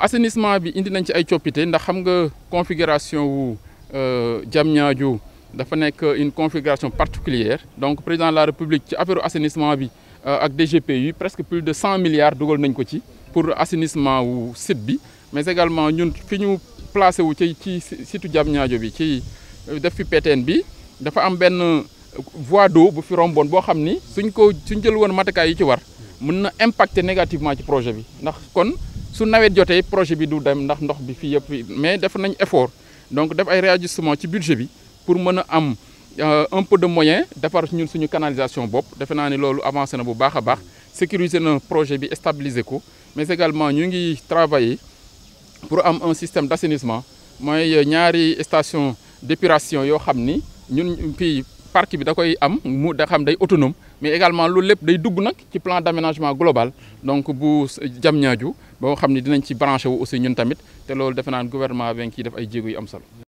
assainissement bi indi nañ ci ay coppite ndax xam nga configuration wu euh, Diamniadio dafa nekk une configuration particulière donc président de la république ci affaire assainissement bi euh, ak DGPU presque plus de 100 milliards dugal nañ ko ci pour assainissement wu site bi mais également ñun fi ñu placé wu ci ci situ Diamniadio bi ci euh, def fi PTN bi dafa am benn voie d'eau bu fi rombon boo xam ni suñ ko suñ jël woon matakaay yi ci war mën na impacter négativement ci projet bi ndax kon su nawet jotee projet bi du dem ndax ndox bi fii yëpp mais def nañ effort donc def ay réajustement ci budget bi pour mën a am euh, un peu de moyens, defar ñun suñu canalisation bopp defe naa ne loolu avancé na bu baax a baax sécuriser na projet bi stabiliser ko mais également ñu ngi travailler pour am un système d'assainissement assainissement mooy euh, ñaari station d'épuration yoo xam ni ñun fii parc bi da koy am mu da xam day autonome mais également loolu lépp day dugg nak ci plan d'aménagement global donc bu Diamniadio boo xam ne dinañ ci branché wu aussi ñun tamit té loolu defe nan gouvernement ben ki def ay jéego yu am solo.